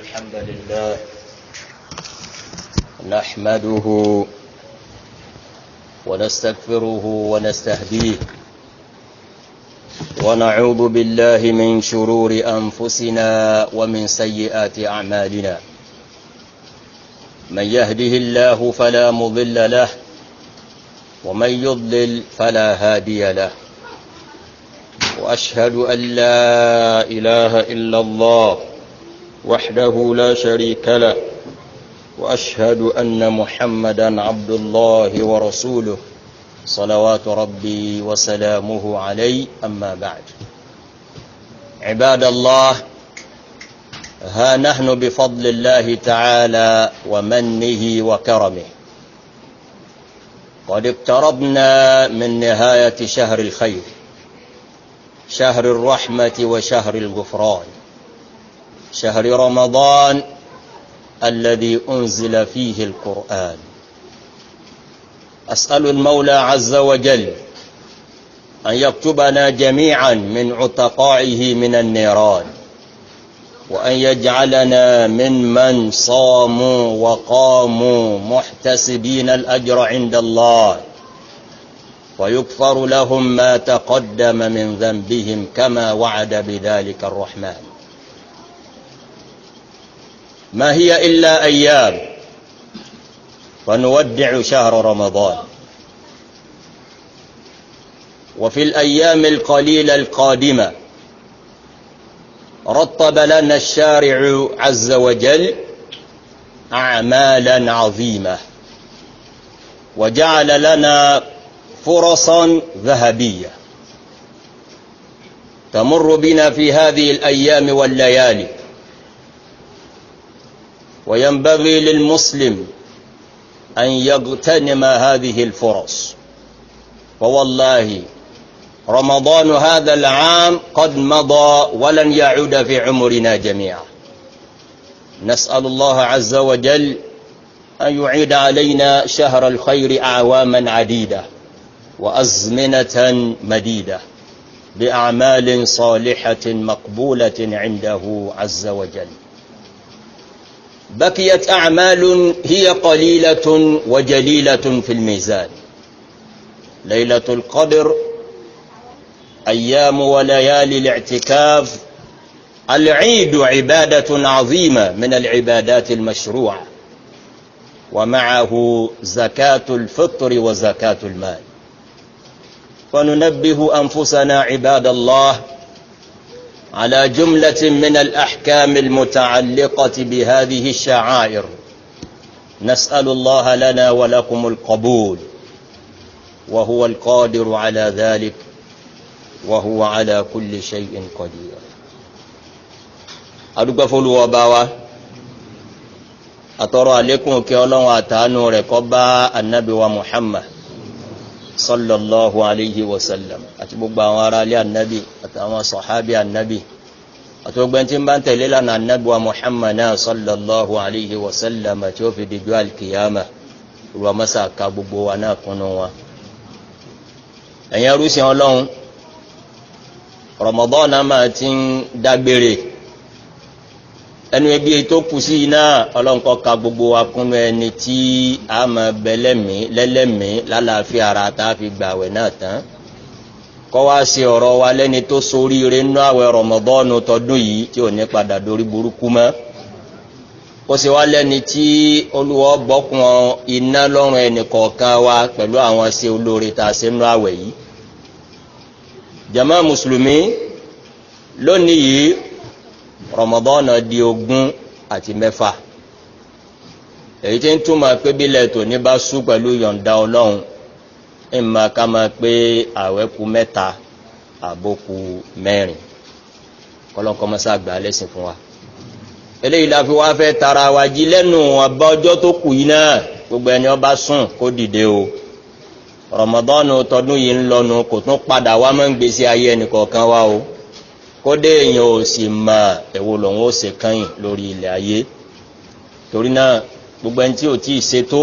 الحمد لله نحمده ونستغفره ونستهديه ونعوذ بالله من شرور أنفسنا ومن سيئات أعمالنا من يهده الله فلا مضل له ومن يضلل فلا هادي له وأشهد أن لا إله إلا الله وحده لا شريك له وأشهد أن محمدا عبد الله ورسوله صلوات ربي وسلامه عليه أما بعد عباد الله ها نحن بفضل الله تعالى ومنه وكرمه قد اقتربنا من نهاية شهر الخير شهر الرحمة وشهر الغفران شهر رمضان الذي أنزل فيه القرآن أسأل المولى عز وجل أن يكتبنا جميعا من عتقائه من النيران وأن يجعلنا ممن صاموا وقاموا محتسبين الأجر عند الله ويكفر لهم ما تقدم من ذنبهم كما وعد بذلك الرحمن ما هي إلا أيام فنودع شهر رمضان وفي الأيام القليلة القادمة رطب لنا الشارع عز وجل أعمالا عظيمة وجعل لنا فرصا ذهبية تمر بنا في هذه الأيام والليالي وينبغي للمسلم أن يغتنم هذه الفرص فوالله رمضان هذا العام قد مضى ولن يعود في عمرنا جميعا نسأل الله عز وجل أن يعيد علينا شهر الخير أعواما عديدة وأزمنة مديدة بأعمال صالحة مقبولة عنده عز وجل بقيت أعمال هي قليلة وجليلة في الميزان ليلة القدر أيام وليالي الاعتكاف العيد عبادة عظيمة من العبادات المشروعة ومعه زكاة الفطر وزكاة المال فننبه أنفسنا عباد الله على جملة من الأحكام المتعلقة بهذه الشعائر نسأل الله لنا ولكم القبول وهو القادر على ذلك وهو على كل شيء قدير adúgbò fọlùwọ́ أترى لكم àtọrọ àlékún òkè ọlọ́run النبي ومحمد sallallahu alayhi wa sallam àti gbogbo àwọn ará ilé ànábì àtàwọn sọ̀hábì ànábì àti gbogbo ẹni tí ń bá ń tẹ̀lé lánàá ànábì wa muhammad náà sallallahu alayhi wa sallam àti ó fi dìjọ́ alkiyama rọmọsà ka gbogbo wa náà kúnnú wa. ẹ̀yin arúsìn ọlọ́run rọmọdọ́ọ̀nà máa ti ń dágbére ẹnu ẹbí ètò kù sí iná ọlọ́nkọ́ ka gbogbo wa kún ẹni tí a máa bẹ lẹ́mìí lẹ́lẹ́mìí lálàáfíà ara tá a fi gbààwẹ̀ náà tán kọ́ wá sí ọ̀rọ̀ wa lẹ́ni tó soríire nínú àwẹ̀ rọ̀mọ̀dọ́ọ̀nù tọdún yìí tí ò ní padà dorí burúkú mọ́ ó sì wá lẹ́ni tí olúwa bọ́kun iná lọ́rùn ẹnì kọ̀ọ̀kan wa pẹ̀lú àwọn ṣe olóore tá a ṣe nínú àwẹ̀ yìí jama mùsùlùmí lónìí yìí rọmọdọ́nà di ogún àti mẹ́fà èyí tí ń túmọ̀ pé bílẹ̀ tó ní bá sú pẹ̀lú yọ̀ǹda ọlọ́run ìmọ̀ ká máa pé àwẹ̀ kù mẹ́ta àbókù mẹ́rin kọ́lọ́nkọ́ mọ́sá gbà lẹ́sìn fún wa eléyìí la fi wá fẹ́ tara wa jí lẹ́nu ọba tó kù yìí náà gbogbo ẹni ọba sùn kó dìde o rọmọdọ́nù tọdún yìí ń lọnu kò tún padà wá mọ́ ń gbèsè ayé ẹnìkọ̀ọ̀kan wa o kódé èèyàn ò sì mà ẹ̀wò lòun ó ṣe kẹ́yìn lórí ilẹ̀ ayé torí náà gbogbo ẹni tí ò tí ì ṣe tó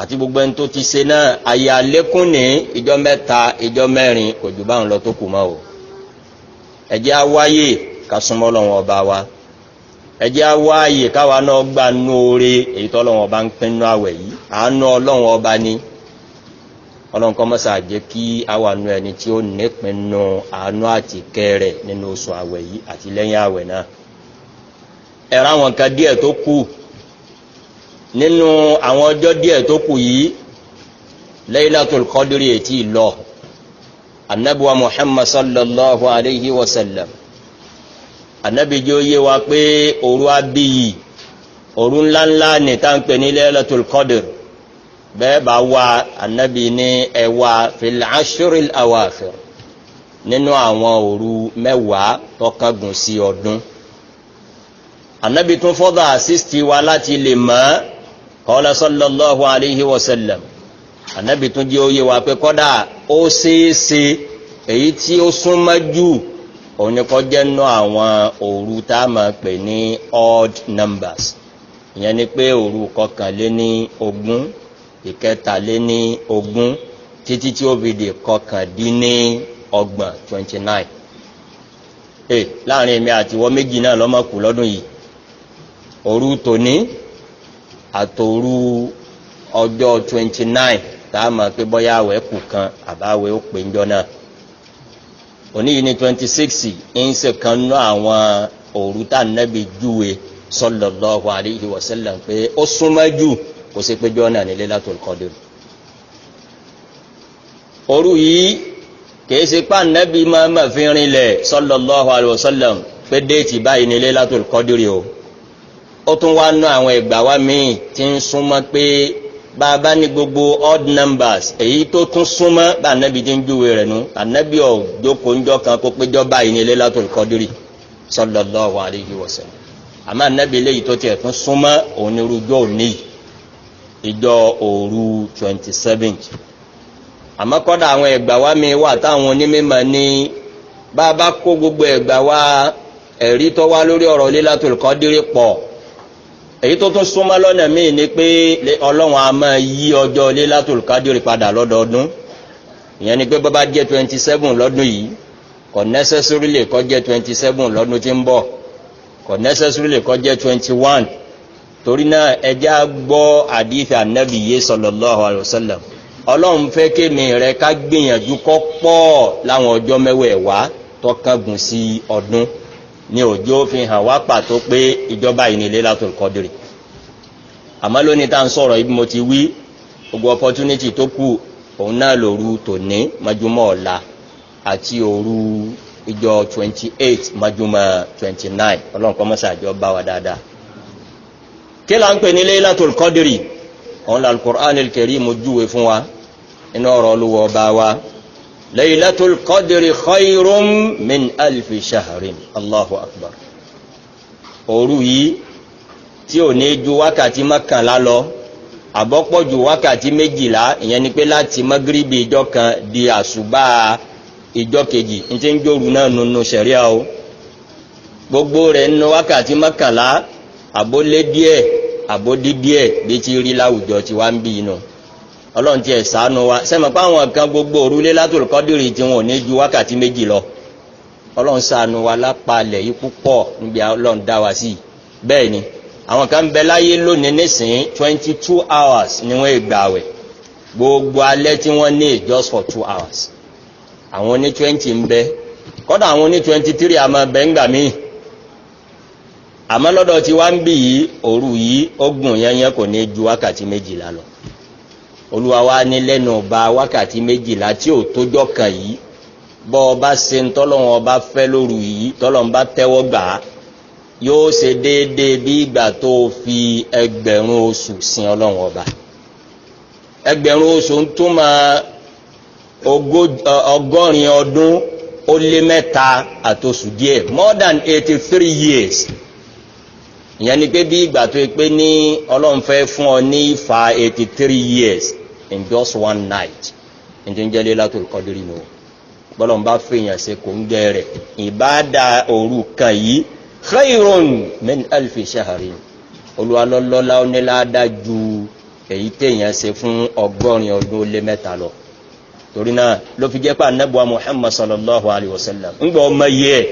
àti gbogbo ẹni tó ti ṣe náà àyè àlékún ní ìjọ mẹ́ta ìjọ mẹ́rin kò jù báwọn lọ tó kù mọ́ o ẹ̀jẹ̀ awáyè ká súnmọ́ lọ́wọ́ ọba wa ẹ̀jẹ̀ awáyè káwa náà gbà nú oore èyí tọ́lọ́wọ́ ọba ń pinnu àwẹ̀ yìí àánú ọlọ́wọ́ ọba ni ọlọ́run kọ́ mọ́sá jẹ́ kí awànú ẹni tí ó nípinnu àánú àti kẹrẹ̀ nínú oṣù àwẹ̀ yìí àti lẹ́yìn àwẹ̀ náà ẹ̀rọ àwọn nǹkan díẹ̀ tó kù nínú àwọn ọjọ́ díẹ̀ tó kù yìí Laylatul Qadri ètí lọ anabiwa Muhammad sallallahu alayhi wa sallam anabijẹ́ ó yé wa pé òru abiyi òru ńláńlá ní táǹpẹ̀ ní Laylatul Qadri bẹ́ẹ̀ bá wá annabi ní ẹwà filashiril awafir nínú àwọn òru mẹ́wàá tọ́kagùn sí ọdún annabi tún fọ́dọ̀ àsísítì wa láti lè mọ́ kọ́lá sallallahu alaihi wasallam annabi tún jẹ́ oyé wa pé kọ́dà ó ṣeéṣe èyí tí ó súnmọ́ jù òun nú àwọn òru tá a máa pè ní odd numbers ìyẹn ni pé òru kọkànlé ní ogún ìkẹtàléní ogún títí tí ó fi di kọkàndínní ọgbọ̀n twenty nine ee láàrin èmi àti ìwọ méjì náà lọ́mọkù lọ́dún yìí òru tòní àtòru ọjọ́ twenty nine tá a mọ̀ pé bọ́yá àwẹ̀ kù kan àbáwẹ̀ ó pè ń jọ náà òní yìí ní twenty six ń ṣe kan nú àwọn òru tá a nẹ́bi júwe sallallahu alayhi wa sallam pé ó súnmọ́ jù kò sí pé jọ́nà ní Lailatul Qadr òru yìí kìí ṣe pa mọ́mọ́ fi rinlẹ̀ sallallahu alaihi wasallam pé déètì báyìí ní Lailatul Qadr o ó tún wá ná àwọn ìgbà wá míì tí ń súnmọ́ pé bàbá ní gbogbo odd numbers èyí tó tún súnmọ́ bá nẹ́bí ti ń júwe rẹ̀ nu ànẹ́bí ọ̀ jókòó ń jọ kan kó péjọ báyìí ní Lailatul Qadr sallallahu alaihi wasallam àmọ́ ànẹ́bí eléyìí tó tiẹ̀ tún súnmọ́ òun ní rújọ́ òní ìjọ òru 27 àmọ́ kọ́dà àwọn ẹ̀gbà wa mi wà táwọn onímọ̀ ní bá a bá kó gbogbo ẹ̀gbà wa ẹ̀rí tó wá lórí ọ̀rọ̀ Lailatul Qadri pọ̀ èyí tó tún súnmọ́ lọ́nà míì ni pé ọlọ́run a máa yí ọjọ́ Lailatul Qadri padà lọ́dọọdún ìyẹn ni pé bó bá jẹ́ 27 lọ́dún yìí kò necessarily kó jẹ́ 27 lọ́dún tí ń bọ̀ kò necessarily kó jẹ́ 21 torí náà ẹjá gbọ́ àdífì ànábì yé sallallahu alaihi wasallam ọlọ́run fẹ́ kémi rẹ ká gbìyànjú kọ́ pọ̀ láwọn ọjọ́ mẹ́wẹ̀ẹ̀wá tọkàngùn sí ọdún ní òjò fi hàn wá pàtó pé ìjọba ìnílé látòl kọdìrì àmọ́ lónìí tá à ń sọ̀rọ̀ ibi mo ti wí gbogbo opportunity tó kù òun náà lòru tòní mọ́júmọ́ ọ̀la àti òru ìjọ 28 mọ́júmọ́ 29 ọlọ́run kọ́ mọ́sàájọ́ bá wa dáadáa kí là ń pè ní Laylatul Qadri òun la Al-Qur'anil Karim mo júwe fún wa inú ọ̀rọ̀ olúwọ̀ ọba wa Laylatul Qadri khayrum min alfi shahrin Allahu Akbar òru yìí tí ò ní ju wákàtí mọ́kànlá lọ àbọ́pọ̀ ju wákàtí méjìlá ìyẹn ni pé láti mọ́gíríbì ìjọ kan di àṣùbà ìjọ kejì ní ti ń jòrú náà nínú ṣẹ̀ríà o gbogbo rẹ̀ nínú wákàtí mọ́kànlá àbólé díẹ̀ àbódí díẹ̀ bí ti rí láwùjọ tí wá ń bí inú ọlọ́run ti ẹ̀ sànú wa sẹ́mi pé àwọn kan gbogbo òrùlé látòlù kọ́dìrì tí wọn ò ní ju wákàtí méjì lọ ọlọ́run sànú wa lápalẹ̀ yìí púpọ̀ níbi ọlọ́run dá wa sí bẹ́ẹ̀ ni àwọn kan bẹ láyé lónìí nísìnyí twenty two hours ni wọ́n gbà wẹ̀ gbogbo alẹ́ tí wọ́n ní just for two hours àwọn oní twenty ń bẹ kọ́dà àwọn oní twenty three àmọ́ bẹ́ẹ̀ ń gbà míì àmọ́ lọ́dọ̀ tí wá ń bì yìí òru yìí ogun yẹnyẹn kò ní ju wákàtí méjìlá lọ olúwa wa ní lẹ́nu ọba wákàtí méjìlá tí ò tójọ́ kan yìí bọ́ ọba ṣe ń tọ́lọ́wọ́n ọba fẹ́ lóru yìí tọ́lọ́wọ́n bá tẹ́wọ́ gbà á yóò ṣe déédéé bí ìgbà tó fi ẹgbẹ̀rún oṣù sin ọlọ́wọ́n ọba ẹgbẹ̀rún oṣù ń túmọ̀ ọgọ́rin ọdún ó lé mẹ́ta àtòṣù díẹ̀ more than eighty three years ìyẹn ni pé bí ìgbà tó pé ní ọlọ́run fẹ́ fún ọ ní fa eighty three years in just one night ǹjẹ́ ń jẹ́lé látò kọ́dírì nù bọ́lọ̀n bá fèèyàn ṣe kò ń gẹ rẹ̀ ìbáda òru kan yìí khairun min alfi shahari olùwàlọ́lọ́lá onílàádá ju èyí téèyàn ṣe fún ọgọ́rin ọdún lé mẹ́ta lọ torí náà ló fi jẹ́ pé anábùwà muhammad sallallahu alayhi wa sallam ń gbọ́ ọmọ yìí ẹ̀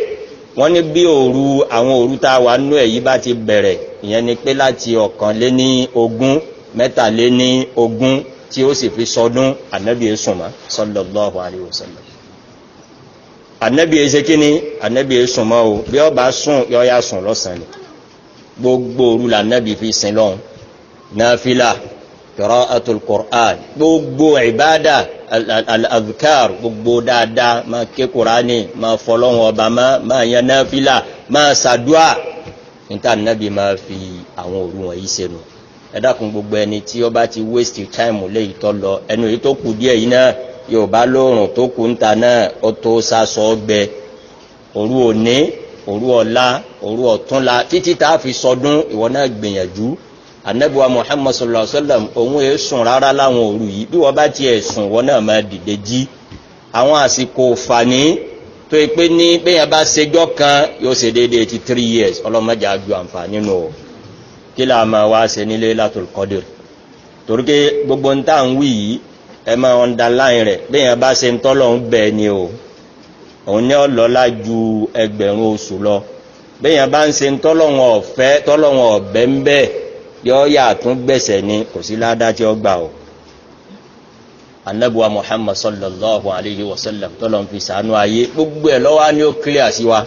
wọ́n ní bí òru àwọn òru tá a wà nú ẹ̀ yìí bá ti bẹ̀rẹ̀ ìyẹn ni pé láti ọ̀kan lé ní ogún mẹ́tàlé ní ogún tí ó sì fi sọdún ànábì sùnmọ́ sallallahu alaihi wasallam ànábì ṣe kí ni o bí ó sùn yọ ya sùn lọ́sàn ni gbogbo òru lànábì fi sin lọ́hùn náfìlà qira'atul Qur'an gbogbo ìbádà al-adhkar gbogbo dáadáa máa ké kùránì máa fọlọ́hun ọba máa yan náfìlà máa ṣàdúà níta nábì máa fi àwọn òru wọ̀nyí sẹ́nu ẹ dákun gbogbo ẹni tí ó bá ti waste time léyìí tó lọ ẹnu èyí tó kù díẹ̀ yìí náà yorùbá lóòrùn tó kù ń ta náà ó tó sásọ ọgbẹ òru òní òru ọ̀la òru ọ̀túnla títí tá a fi sọdún ìwọ náà gbìyànjú anabiwa muhammad sallallahu alaihi wa sallam òun yẹn sùn rárá láwọn òru yìí bí wọn bá tiẹ̀ sùn wọn náà máa dìde jí àwọn àsìkò fani tó yẹ ní bẹ́yẹn bá ṣèjọ́ kan yóò ṣe déédéé ti three years ọlọ́mọdé àjọ àǹfààní nù o kí là máa wá ṣe nílé látòlù kọ́dé torí pé gbogbo ń tà ń wí yìí ẹ máa underline rẹ̀ bẹ́yẹn bá ṣe ń tọ́lọ̀ ń bẹ̀ ni o òun ní ọlọ́lá ju ẹgbẹ̀rún oṣù lọ bẹ́yẹn bá ń ṣe ń tọ́lọ̀ wọn ọ̀fẹ́ tọ́lọ̀ wọn ọ̀bẹ́ ń bẹ́ẹ̀ yọ yà tún gbẹ̀sẹ̀ ni kò sí ládá tí ó gbà o anabuwa muhammad sallallahu alayhi wa sallam tọ́lọ̀ fi sànú ayé gbogbo ẹ̀ lọ́wọ́ ni ó kílẹ̀ sí wa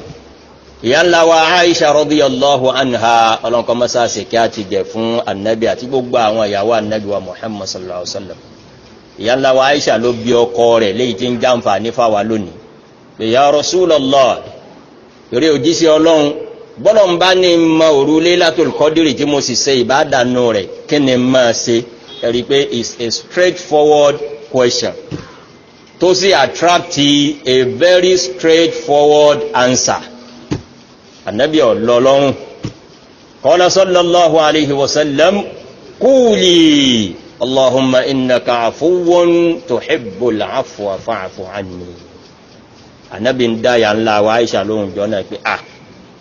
ìyá ńlá wa aisha radiyallahu anha ọlọ́nkọ́ mọ́sá kí a ti gẹ̀ fún anabi àti gbogbo àwọn ìyàwó anabi muhammad sallallahu alayhi wa sallam ìyá wa aisha ló bí ọkọ rẹ̀ léyìí tí ń jàǹfà nífà wa lónìí ya rasulallah eré òjíṣẹ́ ọlọ́run bọ́lọ̀ ń bá ní ma òru Laylatul Qadri tí mo sì ṣe ìbádànù rẹ̀ kí ni ma ṣe ẹ̀rí pé it's a straightforward question tó sì attract a very straightforward answer ànábì ọ̀lọ́lọ́run qala sallallahu alayhi wa sallam quli allahumma innaka afuwun tuhibbul afwa fa'fu anni ànábì ń dáyà ńlá wa Aisha lóhùn jọ náà pé ah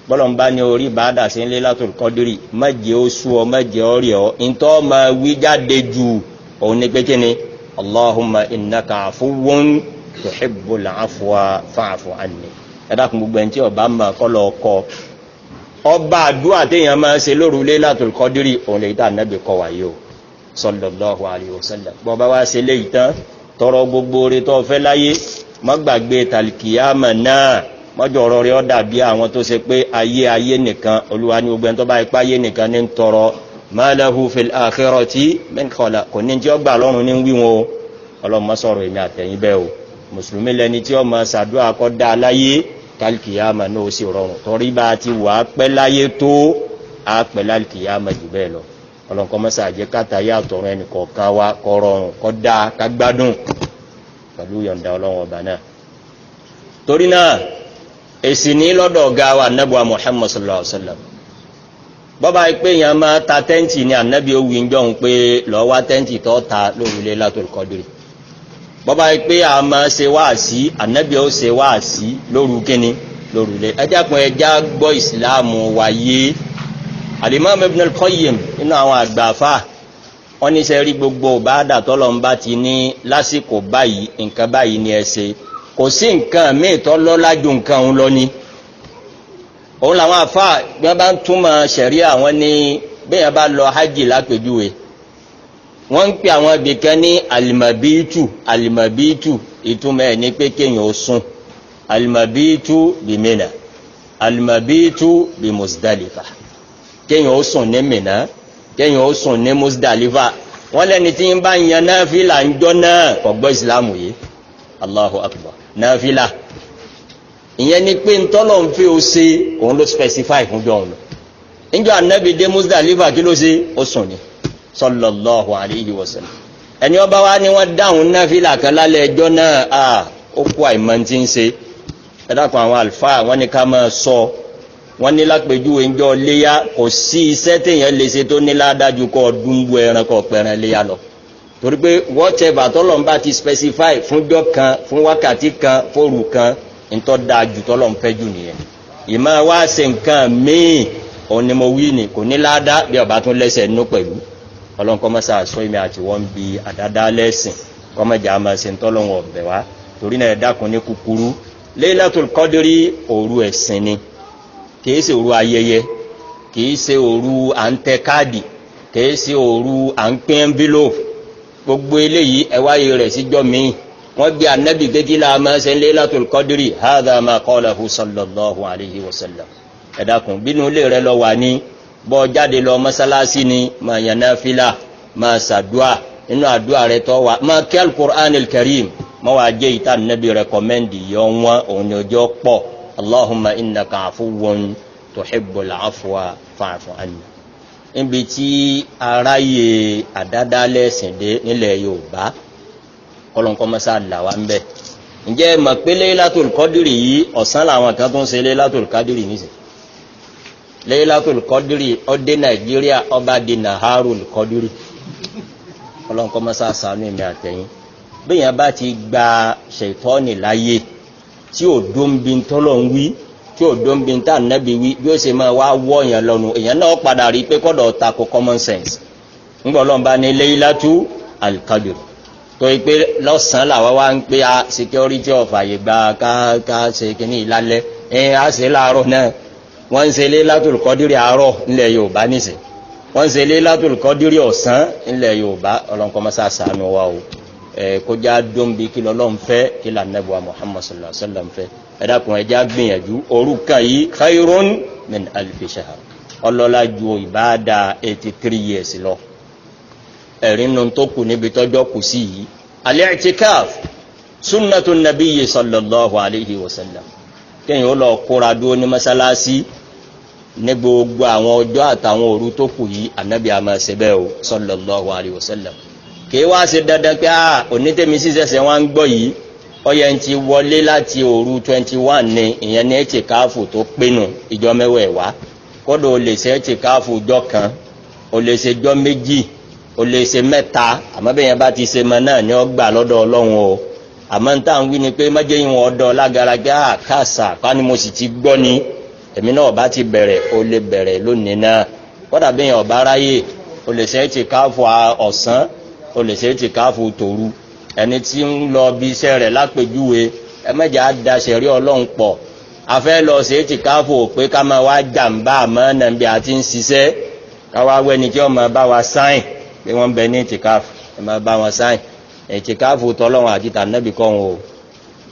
bọ́lọ̀n bá ní orí bàádà sí ilé látòlù kọ́dírì mẹ́jẹ ó sú ọ mẹ́jẹ ó rí ọ ìntọ́ ma wí jáde jù òun ní pé kíni allahumma innaka afuwun tuhibbul afwa fa'fu anni ẹ̀dàkùn gbogbo ẹni tí ọba ma kọ́lọ̀ ọkọ ọba àdúrà téèyàn máa ṣe lóru ilé látòlù kọ́dírì òun lè dá ànábì kọ wáyé o sallallahu alayhi wa bọ́ bá wá ṣe léyìí tán tọrọ gbogbo orí tó fẹ́ láyé má gbàgbé náà mọ́jọ ọ̀rọ̀ rẹ̀ ọ́ dàbí àwọn tó ṣe pé ayé ayé nìkan olúwa ní gbogbo tó bá ipá ayé nìkan ní tọrọ máàláhù fil akhirati min khalaq kò ní tí ó gbà lọ́rùn ní wíwọn o ọlọ́mọ sọ̀rọ̀ èmi àtẹ̀yìn bẹ́ẹ̀ o mùsùlùmí lẹni tí ó máa ṣàdúrà kọ́ dá láyé kálkìyàmà náà ó sì rọrùn torí bá a ti wà á pẹ́ láyé tó á pẹ́ lálkìyàmà jù bẹ́ẹ̀ lọ ọlọ́nkọ́mọ́sá àjẹ́ torí náà èsì ní lọ́dọ̀ ọ̀gá wa anábùwà muhammad sallallahu alayhi wa sallam bọ́ba pé yẹn máa ta tẹ́ǹtì ní anábì owó ìjọhún pé lọ́ọ́ wá tẹ́ǹtì tó ta lórúlé látòlù kọ́dúrì bọ́ba pé a máa ṣe wáàsí anábì ó ṣe wáàsí lóru kínní lórúlé ẹjá kan ẹjá gbọ́ ìsìláàmù wáyé alimami ibn al-qayyim inú àwọn àgbàfà wọn ní sẹ́rí gbogbo bá dàtọ́ lọ́nba ti ní lásìkò báyìí nǹkan báyìí ni ẹ ṣe kò sí nǹkan míì tó lọ́lá ju nǹkan òun lọ ni òun làwọn afa bí wọn bá ń túmọ̀ sẹ̀rí àwọn ní bẹ́ẹ̀ yẹn bá lọ hajj lápèjúwe wọ́n ń pè àwọn ibìkan ní alimabiitu alimabiitu ìtumọ̀ ẹ̀ ní pé ó sùn alimabiitu bí Mina alimabiitu bí Musdalifa kéèyàn ó sùn ní Mina kéèyàn ó sùn ní Musdalifa wọ́n lẹ́ni tí ń bá yan náà fìlà ń jọ náà kò gbọ́ ìsìlámù yìí Allahu Akbar nàfìlà ìyẹn ni pé ntọ́lọ̀ ń fi o ṣe òun ló specify fún jọ òun níjọ anabi dé Muzdalifa kí ló ṣe ó sùn ni sallallahu alayhi wa sallam ẹni ọba wa ni wọn dáhùn nàfìlà kan lálẹ́ ẹjọ́ náà a ó kú àìmọ̀ tí ń ṣe ẹ dákun àwọn àlùfáà wọn ni ká máa sọ wọn ní lápèjúwe ńjọ léyà kò sí iṣẹ́ téèyàn lè ṣe tó ní ládájú kọ dúnbù ẹran kọ pẹran léyà lọ torí pé whatever tọ́lọ́n ti specify fúnjọ́ kan fún wákàtí kan fóru kan ntọ́ da jù tọ́lọ́n fẹ́ jù nìyẹn ìmọ̀ wá ṣe nǹkan míì òun ni mo wí ni kò ní láádá bí ọba tún lẹ́sẹ̀ nú pẹ̀lú ọlọ́run kọ́ mọ́sá àṣọ ìmì àti wọ́n bi àdáda lẹ́sìn kọ́ mọ́jà máa ṣe ntọ́lọ́run ọ̀bẹ̀ wá torí náà dákun ní kúkúrú Lailatul Qadri òru ẹ̀sìn ni kìí ṣe òru ayẹyẹ kìí ṣe òru à ń tẹ káàdì kìí ṣe òru à ń pín envelope gbogbo eléyìí ẹwáyé rẹ̀ síjọ́ míì wọ́n bí anábì gẹ́gí láàmà ṣe ń lé látòl kọ́dírì hádà máa kọ́lá hù sallallahu alayhi wa sallam ẹ̀dàkùn bínú ilé rẹ̀ lọ wà ní bọ́ jáde lọ mọ́sálásí ni máa yàn náfìlà máa ṣàdúà àdúà rẹ̀ tó wà máa kí al-Qur'an al wàá jẹ́ ìta anábì rẹ̀kọ́mẹ́ndì yọ wọn òun ni ọjọ́ pọ̀ allahumma innaka tuhibbul afwa fa'fu níbi tí aráyè àdádá lẹ́sìn dé nílẹ̀ yorùbá kọlọ́nkọ́mọ́sá làwa ń bẹ̀ ǹjẹ́ mọ̀ pé Laylatul Qadri yìí ọ̀sán làwọn kan tó ń ṣe Laylatul Qadri nìsín Laylatul Qadri ọdẹ nàìjíríà ọba di Naharul Qadri kọlọ́nkọ́mọ́sá sànú èmi àtẹ̀yìn bẹ́ẹ̀ yẹn bá ti gba ṣètọ́ni láyé tí ò dóńbi tọ́lọ́ ń wí tí ò dó ń bi tá ànábi wí bí ó ṣe máa wá wọ́ èèyàn lọ́nu èèyàn náà padà rí i pé kọ́dọ̀ ta ko common sense ńgbọ́ lọ́n bá ní leilatu alikadir tó yí pé lọ́sàn-án làwọn wá ń pé a security of àyè gba ká ká ṣe kínní ìlálẹ́ ẹ á ṣe láàárọ̀ náà wọ́n ń ṣe leilatu alikadir àárọ̀ ńlẹ̀ yorùbá nìṣẹ́ wọ́n ń ṣe leilatu alikadir ọ̀sán ńlẹ̀ yorùbá ọlọ́nkọ́mọ́sá sànù wa o ẹ kó já dóńbi kí lọ́lọ́run Muhammad sallallahu ẹ̀dàkùn ẹja gbìyànjú orúkà yìí khairun min alfi shahr ọlọ́lá ju ìbáadà 83 years lọ ẹ̀rínú tó kù níbi tọ́jọ́ kù sí yìí al-i'tikaf sunnatu nabiyyi sallallahu alayhi wa sallam kéèyàn ó lọ kóra dúró ní mọ́sálásí ní gbogbo àwọn ọjọ́ àtàwọn òru tó kù yìí anabi àmọ́ ṣe o sallallahu alayhi wa sallam kí wá ṣe dandan pé a ah, onítẹ̀mí sí ṣẹ̀ṣẹ̀ gbọ́ yìí ọyẹ ń ti wọlé láti òru twenty one ni ìyẹn ní ẹtì káfù tó pinnu ìjọ mẹwẹ wá kódò ó lè ṣe ẹtì káfù jọ kan ó lè ṣe jọ méjì ó lè ṣe mẹ́ta àmọ́ bẹ́ẹ̀ yẹn bá ti ṣe mọ náà ni ó gbà lọ́dọ̀ Ọlọ́run o àmọ́ n táwọn wí ni pé má jẹ́ ìwọn ọ̀dọ̀ lágaraga ah, àkàṣà kání mo sì ti gbọ́ ni èmi náà bá ti bẹ̀rẹ̀ ó lè bẹ̀rẹ̀ lónìí náà kódà bẹ́ẹ̀ ọba ráyè ó lè ṣe ẹtì káfù ọ̀sán ó lè ṣe ẹtì káfù tòru ẹni tí ń lọ bí iṣẹ́ rẹ̀ lápèjúwe ẹ mẹ́jà á da ṣẹ̀rí ọlọ́run pọ̀ afẹ́ lọ ṣe é ti káfò pé ká máa wá jàǹbá àmọ́ nàbí àti ń ṣiṣẹ́ káwá wẹ́ni tí ọmọ bá wa sáìn pé wọ́n bẹ ní ìtìkáfò ẹ máa bá wọn sáìn ìtìkáfò tọ́lọ́run àti tànẹ́bì kọ́ wọn o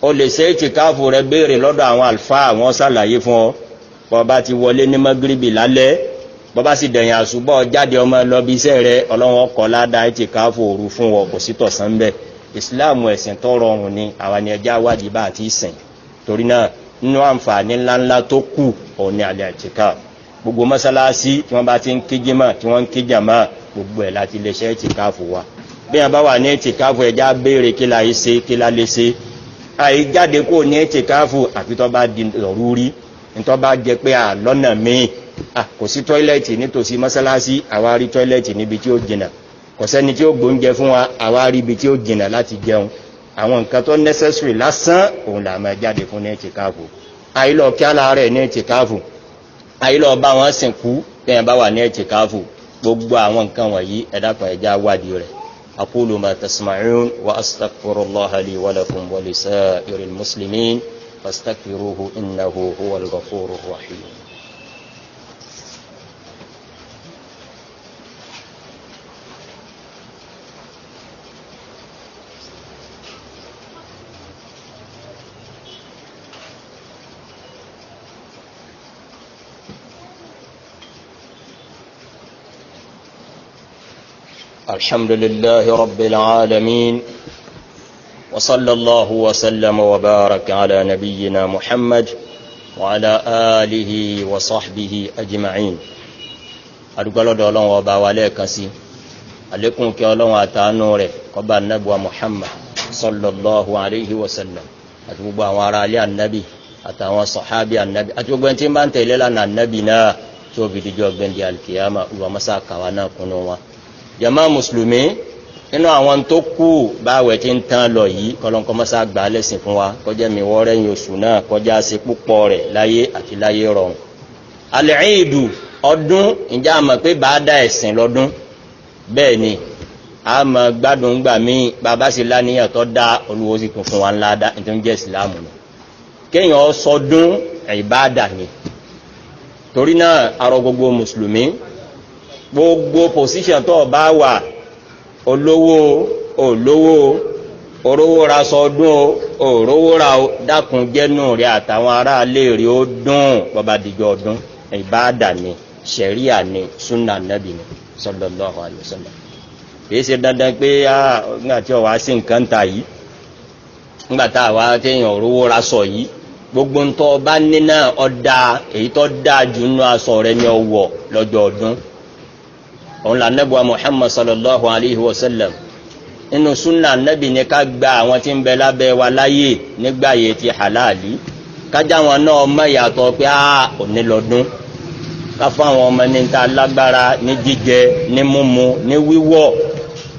o lè ṣe ìtìkáfò rẹ béèrè lọ́dọ̀ àwọn àlùfáà àwọn ṣàlàyé fún ọ bọ́ bá ti wọlé ní mọ́gíríbì lálẹ́ bọ́ bá sì dẹ̀yìn àṣùbọ̀ jáde ọmọ lọ bí iṣẹ́ rẹ ọlọ́run ọkọ̀ ládàá ìtìkáfò òru fún ọ kò sí tọ̀sán bẹ́ẹ̀ islam ẹ̀sìn tó rọrùn ni àwa ni ẹja wádìí bá àti ìsìn torí náà nínú àǹfààní ńláńlá tó kù òun ni àlẹ́ àtìká gbogbo mọ́sálásí tí wọ́n bá ti ń ké jimá tí wọ́n ń ké jàmá gbogbo ẹ̀ láti lè ṣe ẹ̀tìkáfù wa bí wọ́n bá wà ní ẹ̀tìkáfù ẹja béèrè kí la ṣe kí la lè ṣe àì jáde kó ní ẹ̀tìkáfù àfi tó bá di lọ́rùrí tó bá jẹ pé à lọ́nà míì kò sí tọ́ílẹ̀tì nítòsí mọ́sálásí àwa tọ́ílẹ̀tì níbi tí ó jìnnà kọ̀sẹ́ni tí ó gbóúnjẹ fún wa àwa ríbi tí ó jìnà láti jẹun àwọn nǹkan tó necessary lásán òun là máa jáde fún ní ẹ̀tìkáàfù àìlọ kí á láàárẹ̀ ní ẹ̀tìkáàfù àìlọ bá wọn sìnkú bẹ́ẹ̀ bá wà ní ẹ̀tìkáàfù gbogbo àwọn nǹkan wọ̀nyí ẹ dákun ẹja wádìí rẹ̀ aqulu ma tasma'un wa astaghfirullaha li wa lakum wa lisa'iril muslimin fastaghfiruhu innahu huwal ghafurur rahim الحمد لله رب العالمين وصلى الله وسلم وبارك على نبينا محمد وعلى آله وصحبه أجمعين أدقل دولون وباواليكسي عليكم كيولون واتانور قبى النبوة محمد صلى الله عليه وسلم أتبقى وعلى النبي àtàwọn sọ̀hábí النبي àti gbogbo ẹni tí ń bá ń tẹ̀lé lánàá ànábì náà tí ó fi jama mùsùlùmí nínú àwọn tó kù báwẹ̀ tí ń tán lọ yìí kọlọ́nkọ́mọ́sá gbà á lẹ́sìn fún wa kọjá mi wọ́n rẹ́yìn oṣù náà kọjá sí púpọ̀ rẹ̀ láyé àti láyé rọrùn. àlẹ́ìdù ọdún ìjà àmọ̀ pé bá a dá ẹ̀sìn lọ́dún bẹ́ẹ̀ ni a máa gbádùn gbà mí bàbá sì láníyàn tó dá olúwo sì tún wa ńlá dá ní tó ń jẹ́ ìsìlámù ni kéèyàn sọdún ìbáàdà ni torí náà gbogbo mùsùlùmí gbogbo position tó o bá wà olówó olówó orówó ra sọ o orówó ra o dákun jẹ́nu rẹ̀ àtàwọn aráalé rẹ̀ ó dùn bọ́ba dìjọ́ ọdún ìbáàdà ni sẹ̀ríà ni súnà nàbì ni sallallahu alaihi wasallam kìí ṣe dandan pé nígbà tí ọwọ́ sí nǹkan ta yìí nígbà tá àwa téèyàn rówó ra sọ yìí gbogbo ń tọ́ bá ní náà ọ̀dà èyí tó dáa jù nínú aṣọ rẹ ni ọwọ́ lọ́jọ́ ọdún òun là nẹ́bùwà muhammad sallallahu alayhi wa sallam inú sunna nẹ́bì ni ká gba àwọn tí ń bẹ lábẹ́ wa láyè nígbà yìí ti halali kájà wọn náà ọmọ ìyàtọ̀ pé a òní lọ́dún ká fún àwọn ọmọ ní ta lágbára ní jíjẹ ní mímu ní wíwọ̀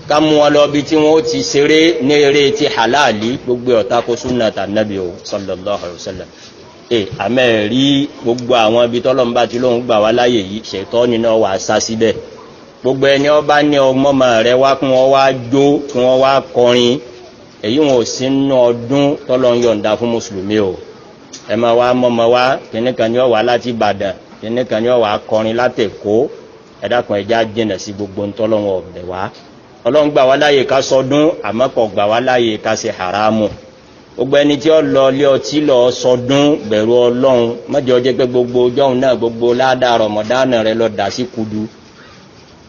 ká mú wọn lọ bí tí wọn ó ti ṣeré ní eré ti halali gbogbo ọ̀tá kó sunna tà nẹ́bì o sallallahu alayhi wa sallam e àmẹ́ gbogbo àwọn ibi tọ́lọ́mbà tí lóun gbà wá láyè yìí ṣètọ́ nínú wàá sá síbẹ̀ gbogbo ẹni ọba ní ọmọ ọmọ rẹ wá kí wọ́n wá jó kí wọ́n wá kọrin èyí wọn ò sí nínú ọdún tọ́lọ́ ń yọ̀ǹda fún mùsùlùmí o ẹ máa wá mọ́mọ wá kíní kan ní ọ̀wá láti ìbàdàn kíní kan ní ọ̀wá kọrin láti èkó ẹ dákun ẹja jìnà sí gbogbo ń tọ́lọ́ wọn ọ̀bẹ wá ọlọ́run gbà wá láàyè ká sọdún àmọ́ kò gbà wá láàyè ká ṣe haramu gbogbo ẹni tí ó lọ ilé ọtí lọ sọdún bẹ̀rù ọlọ́run mọ́jọ́ jẹ́ pé gbogbo ọjọ́ náà gbogbo ládàá rọ̀mọ̀dánà rẹ lọ dà sí kudu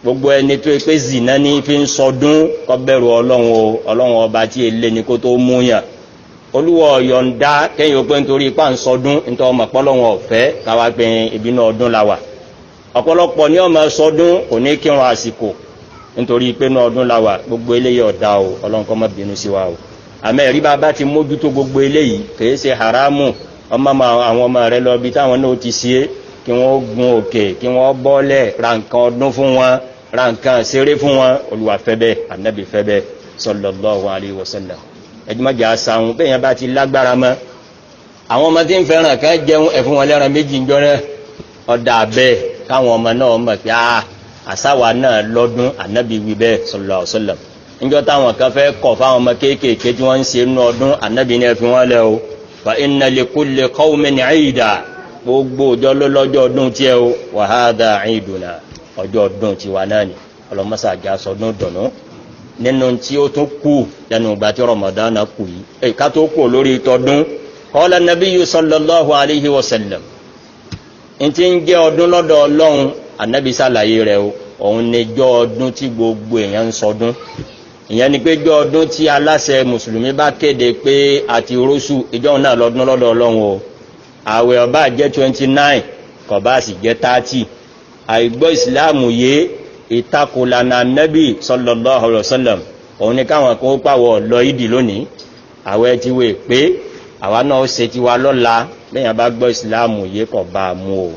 gbogbo ẹni tó pé zina ní fi ń sọdún kó bẹ̀rù o ọlọ́run ọba tí èlé ni kó tó mú yàn olúwa yọ̀ǹda kẹ́yìn òpin torí ipá ń sọdún nítorí ọmọ ọpọlọ́run ọ̀fẹ́ káwá pé ìbínú ọdún la wà ọ̀pọ̀lọpọ̀ ní ọmọ sọdún kò ní kírun àsìkò nítorí pé ní ọdún la wà gbogbo eléyìí ọ̀dà o ọlọ́run kó má bínú sí wa o àmọ́ ẹ̀rí bàbá ti mójútó gbogbo eléyìí kèé ṣe haramu ọmọ àwọn ọmọ rẹ lọ bí táwọn náà ti ṣe é kí wọ́n gun òkè kí wọ́n bọ́lẹ̀ ra nǹkan ọdún fún wọn ra nǹkan ṣeré fún wọn olùwà fẹ́bẹ̀ ànábì fẹ́bẹ̀ sallallahu alaihi wasallam ẹjúmọ́jà sáhun bẹ́ẹ̀ yẹn bá ti lágbára mọ́ àwọn ọmọ tí ń fẹ́ràn kan jẹun ẹ̀fún wọn lẹ́ran méjì ń jọ́rẹ́ ọ̀dà bẹ́ẹ̀ káwọn ọmọ náà mọ̀ pé ah, àsáwà náà lọ́dún ànábì wí bẹ́ẹ̀ sallallahu alaihi wasallam táwọn kan fẹ́ kọ̀ fáwọn ọmọ kéékèèké tí wọ́n ń ṣe nínú ọdún ànábì ní ẹ̀fún wọn lẹ́ o fa inna li kulli qawmin gbogbo ọjọ́ lọ́jọ́ ọdún tí ẹ o wàhádà ọjọ́ ọdún tí wà náà ni ọlọ́mọ́sà àjà sọdún dùnú nínú tí ó tún kú lẹ́nu ìgbà tí Ramadan kù yìí èyí tó lórí tọdún kọ́lá nabiyyu sallallahu wa sallam ń jẹ́ ọdún lọ́dọ̀ ọlọ́run gbogbo èèyàn ń sọdún ìyẹn ni pé jọ́ ọdún tí aláṣẹ mùsùlùmí bá kéde pé àti rọ́ṣù àwẹ̀ ọba jẹ́ 29 kọba sì jẹ́ 30 àìgbọ́ ìsìláàmù yé ìtakòlànà nẹ́bì sallallahu alaihi wasallam òun ni káwọn kan ó pàwọ̀ lọ ìdì lónìí àwẹ̀ ti wè pé àwa náà ṣe ti wa lọ́la lẹ́yìn bá gbọ́ ìsìláàmù yé kọba mú o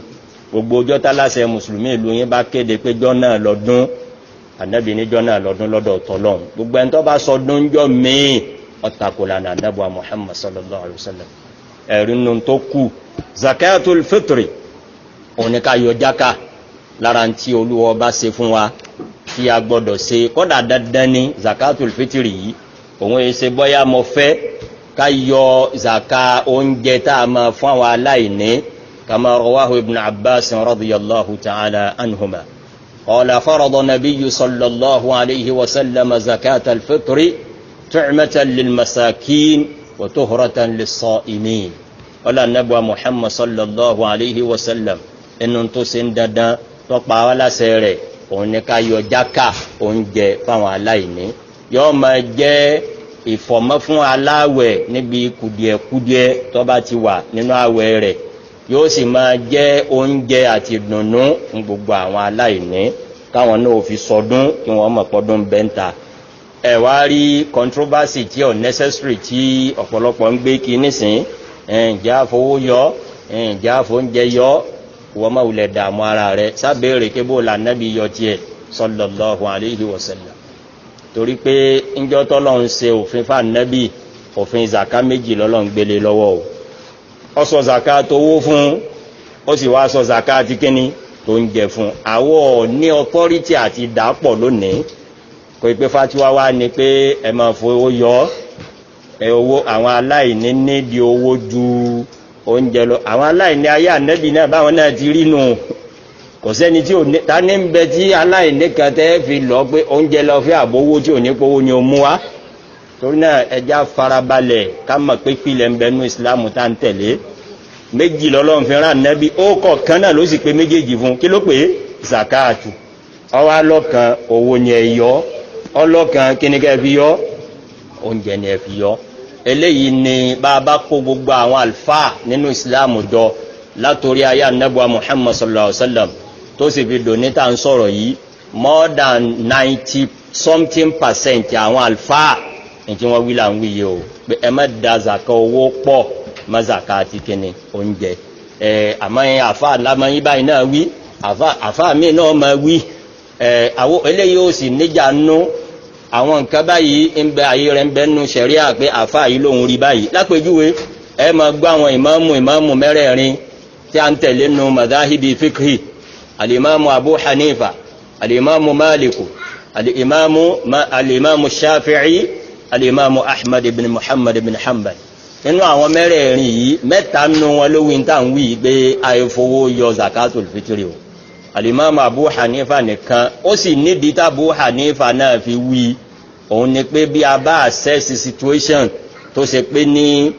gbogbo ọjọ́ tálàṣẹ mùsùlùmí ìlú yín bá kéde pé jọ́ náà lọ́dún ànábì níjọ́ náà lọ́dún lọ́dọ̀ tọ́lọ́n gbogbo ẹni tó bá sọdún jọ míì ọ̀tàkùlànà ànábì Muhammad sallallahu alaihi wasallam ẹ̀rí nu tó kù zakatul fitri òun ni ká yọ jáka lára tí olúwa bá ṣe fún wa tí a gbọ́dọ̀ ṣe kọ́dà dandan ni zakatul fitri yìí òun yìí ṣe bọ́yá mo fẹ́ ká yọ zaka oúnjẹ tá a máa fún àwọn aláìní kama rawahu ibn abbas radiyallahu ta'ala anhuma qala farada nabiyyu sallallahu alayhi wa sallam zakatul fitri tu'matan lil masakin wa tuhratan lis sa'imin ọlá nẹ́bọ̀ muhammad sallallahu alayhi wa sallam inú tó ṣe ń dandan tọ́pa aláṣẹ rẹ̀ òun ní ká yọ jáká oúnjẹ fáwọn aláìní yọ́ máa jẹ́ ìfọ̀mọ́ fún aláwẹ̀ níbi kùdìẹ̀kùdìẹ tó bá ti wà nínú àwẹ̀ rẹ̀ yóò sì máa jẹ́ oúnjẹ àti ìdùnnú fún gbogbo àwọn aláìní káwọn náà fi sọdún kí wọ́n mọ̀ pọ́dún bẹ́ńtà ẹ̀ wá rí controversy tí ọ̀ necessary tí ọ̀pọ̀lọpọ̀ ń gbé kí nísìnyí ẹ̀ǹjá fowó yọ ẹ̀ǹjá fóúnjẹ yọ wọ́n máa wulẹ̀ dààmú ara rẹ̀ sábẹ́ẹ̀rẹ̀ kébò lànàbí yọ tiẹ̀ sallallahu alayhi wa sallam torí pé ńjọ́ tọ́lọ́run ṣe òfin fànàbí òfin zaka méjì lọ́lọ́run gbélé lọ́wọ́ o ó sọ zaka tówó fún ó sì wá sọ zaka ti kíni tó ń jẹ fún àwọn ní authority àti dàápọ̀ lónìí kò ì pé fatiwa wa ni pé ẹ máa fowó yọ ọ́ owó àwọn aláìní nídi owó ju oúnjẹ lọ àwọn aláìní ayé ànẹ́bì náà báwọn náà ti rí nù kò sẹ́ni tí ò ní ta ní ń bẹ tí aláìní kan tẹ́ fi lọ pé oúnjẹ lọ fẹ́ àbówó tí ò ní pówó ni ó mú wa torí náà ẹja farabalẹ̀ ká mọ̀ pé pilẹ̀ ń bẹnu ìsìlámù tá ń tẹ̀lé méjì lọ́lọ́run fi rán ànẹ́bì ó kọ̀ kan náà ló sì pé méjèèjì fún kí ló pé zakatu ọwọ́ alọ́kan owó ni ẹ yọ ọlọ́kan kí fi yọ oúnjẹ ni ẹ fi yọ eléyìí ni bàbá kó gbogbo àwọn alfa nínú islam jọ látòrí ayé anabuwa muhammad sallallahu alaihi wa sallam tó sì fi dòní tá ń sọ̀rọ̀ yìí more than ninety something percent àwọn alfa nítí wọ́n wí là ń wíyẹ o pé ẹ má da zaka owó pọ̀ má zaka àti kíni oúnjẹ ẹ àmọ́ àfa lámọ́yìn báyìí náà wí àfa àfa mi náà máa wí ẹ àwọn eléyìí ó sì níjà nú. No, àwọn nǹkan báyìí ń bẹ ayé rẹ̀ ń bẹ nínú sẹ̀ríà pé àfa yìí lòun rí báyìí lápèjúwe ẹ máa gbọ́ àwọn ìmáàmù ìmáàmù mẹ́rẹ̀ẹ̀rin tí a ń tẹ̀lé nu madhahibi fikri alimamu abu hanifa alimamu maliku alimamu alimamu shafi'i alimamu ahmad ibn muhammad ibn hanbal nínú àwọn mẹ́rẹ̀ẹ̀rin yìí mẹ́ta nínú wọn ló wí tàn wí pé àìfowó yọ zakatul fitri o alimami abu hanifa nìkan ó sì nídìí tá abu hanifa náà fi wí òun ni pé bí a bá assess situation tó ṣe pé ní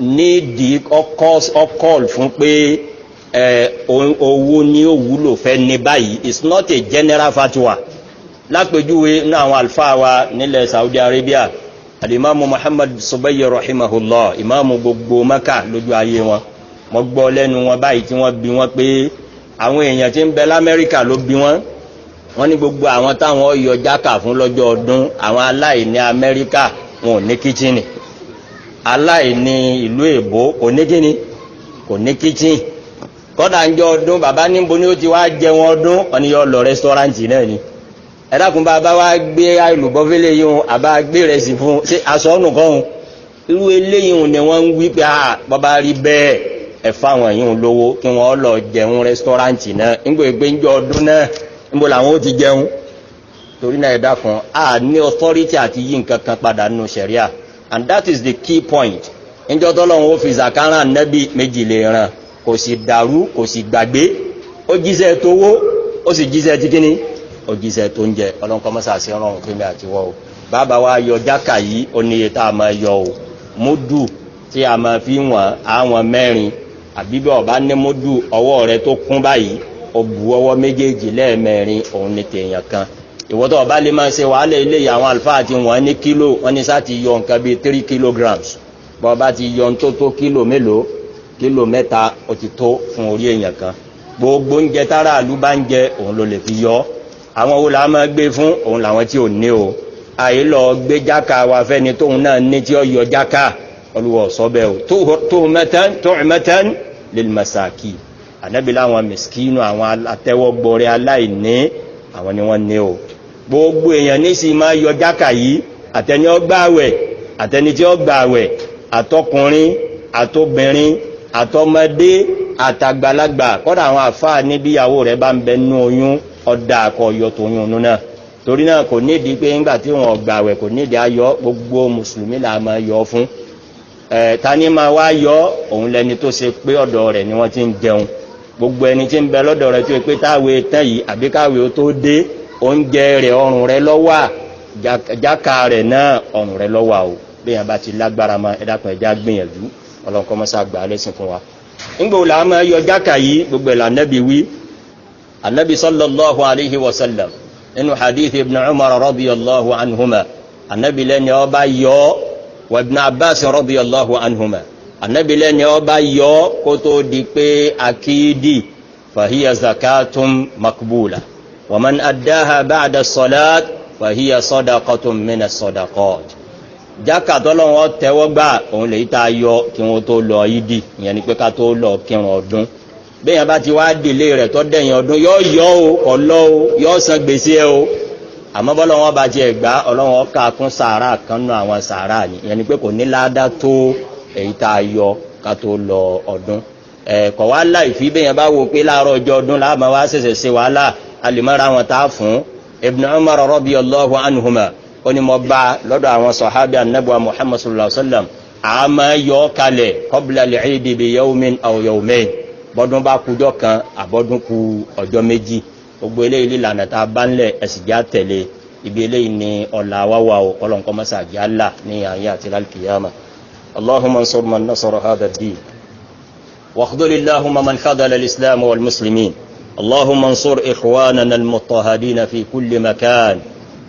nídìí ọkọl fún pé owó ni ó wúlò fẹ́ ní báyìí it's not a general fatwa lápèjúwe ní àwọn alfa wa nílẹ̀ saudi arabia alimamu muhammad subayi rahimahullah imamu gbogbo maka lójú ayé wọn mo gbọ́ lẹ́nu wọn báyìí tí wọ́n bi wọ́n pé àwọn èèyàn tí ń bẹ lamẹ́ríkà ló bí wọn wọn ní gbogbo àwọn táwọn ọyọ jáka fún lọ́jọ́ ọdún àwọn aláìní amẹ́ríkà wọn ò ní kíchìnì aláìní ìlú èbó kò ní kíni kò ní kíchìnì kọ́dà ń jọ ọdún bàbá níbo ni ó ti wá jẹun ọdún ọ̀ni yọ lọ rẹ́sítọ́ráǹtì náà ni ẹ dákun bàbá wa gbé àìlùbọ́fẹ́lẹ́ yìí àbá gbé rẹ̀ sí fún ṣé aṣọ kan irú eléyìí ni wọ́n ń wí pé ah, bàbá rí bẹ́ẹ̀ ẹ̀fà àwọn èèyàn lówó kí wọ́n lọ jẹun rẹ́sítọ́ráǹtì náà nígbò ìgbé ọdún náà níbo làwọn ó ti jẹun torí náà ẹ̀dá kan a ní authority àti yí nǹkan kan padà nínú sẹ̀ríà and that is the key point níjọ́ tọ́lọ́run ó fi zakara nẹ́bí méjì lè ràn kò sì dàrú kò sì gbàgbé ó jíṣẹ́ tówó ó sì jíṣẹ́ tí kíní ó jíṣẹ́ tó ń jẹ ọlọ́run fún mi àtiwọ́ àwọn mẹ́rin àbíbẹ̀ ọ̀bá nẹ́mọ́dù ọwọ́ rẹ tó kún báyìí ó bu ọwọ́ méjèèjì lẹ́ẹ̀mẹrin òun ni tèèyàn kan ìwọ́tọ̀ ọba lè máa ṣe wàhálẹ̀ ilé àwọn àlùfáà àti wọ́n ní kílò wọ́n ní sá ti yọ nǹkan bíi three kilograms bọ́ ọba ti yọ tó tó kílò mélòó kílò mẹ́ta ó ti tó fún orí èèyàn kan gbogbo oúnjẹ tára àlú bá ń jẹ òun ló lè fi yọ àwọn wo la máa gbé fún òun làwọn tí ò ní o àyè lọ gbé jáka wa fẹ́ni tóun náà ní tí ó yọ jáka olùwọ̀ sọ́bẹ̀ o tu'matan lil masakin ànábìlá àwọn mẹ́sìkínú àwọn atẹ́wọ́gbọ̀rẹ́ aláìní àwọn ni wọ́n ní o gbogbo èèyàn ní sí máa yọ jákà yìí àtẹni ọgbàwẹ̀ àtẹni tí ọgbàwẹ̀ àtọkùnrin àtobìnrin àtọmọdé àtàgbàlagbà kọ́dà àwọn àfáà níbíyàwó rẹ̀ bá ń bẹ nú oyún ọ̀dà àkọyọ torí náà kò nídìí pé ńgbà tí wọn ọgbàwẹ̀ kò nídìí ayọ̀ gbogbo mùsùlùmí là máa yọ fún tani ma wá yọ òun lẹni tó ṣe pé ọ̀dọ̀ rẹ̀ ni wọ́n ti ń jẹun gbogbo ẹni tí ń bẹ lọ́dọ̀ rẹ̀ tó yẹ pé táwe tán yìí àbí káwe ó tó dé oúnjẹ rẹ̀ ọrùn rẹ̀ lọ́wà jáka rẹ̀ náà ọrùn rẹ̀ lọ́wà o bí yẹn bá ti lágbára ma ẹ dákun ẹja gbìyànjú ọlọ́nkọ́ mọ́sá gbà á lẹ́sìn fún wa. ńgbò là á yọ jáka yìí gbogbo ẹ̀ lànàbí wí anabi sallallahu alayhi wa sallam nínú hadith ibn umar radiyallahu anhuma anabi lẹ́ni ọba yọ wa ibn abbas radiyallahu anhuma anabi lẹ́ni ọba yọ kó tó di pé akídì fahiya zakatun makbula wa man addaha ba'da salat fahiya sadaqatun mina sadaqat jákà tọ́lọ́wọ́ tẹ́wọ́ gbà òun lè ta yọ kí wọ́n tó lọ ìdí ìyẹn ni pé ká tó lọ kírun ọdún bẹ́ẹ̀ yẹn bá ti wá délé rẹ̀ tọ́ dẹ̀yìn ọdún yọ yọ o ọlọ́ o yọ san gbèsè o àmọ́ bọ́lọ́ wọn bá jẹ́ ẹ̀gbá ọlọ́wọ́n ká kún sàárà kan àwọn sàárà ni ìyẹn ni pé kò ní ládá tó èyí tá a yọ ká tó lọ ọdún ẹ̀kọ́ wa láì fi bẹ́ẹ̀ yẹn bá wo pé láàárọ̀ ọjọ́ ọdún láàmú wa ṣẹ̀ṣẹ̀ ṣe wàhálà alìmọ́ra wọn tá a fún Ibn Umar radiyallahu anhuma ó ní mo bá lọ́dọ̀ àwọn sọ̀hábì anábùwà Muhammad sallallahu alayhi wa sallam àmọ́ yọ kalẹ̀ qabla al-eid bi yawmin aw yawmayn bọ́dún bá gbogbo eléyìí lílànà tá a bá ń lẹ̀ ẹ̀sìn já tẹ̀lé ibi eléyìí ni ọ̀la wáwá o ọlọ́nkọ́ mọ́sá já là ní ayé àti lálùkìyàmà allahumma ansur man nasara hadha ad-din واخذل اللهم من خذل الإسلام والمسلمين اللهم انصر إخواننا المضطهدين في كل مكان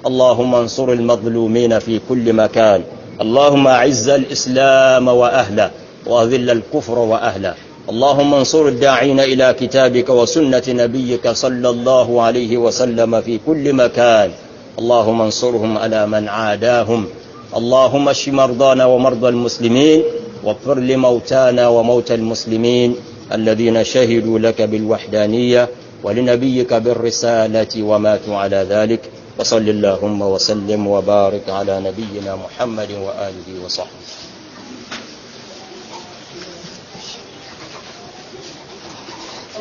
اللهم انصر المظلومين في كل مكان اللهم أعز الإسلام وأهله وأذل الكفر وأهله اللهم انصر الداعين إلى كتابك وسنة نبيك صلى الله عليه وسلم في كل مكان اللهم انصرهم على من عاداهم اللهم اشف مرضانا ومرضى المسلمين واغفر لموتانا وموتى المسلمين الذين شهدوا لك بالوحدانية ولنبيك بالرسالة وماتوا على ذلك وصل اللهم وسلم وبارك على نبينا محمد وآله وصحبه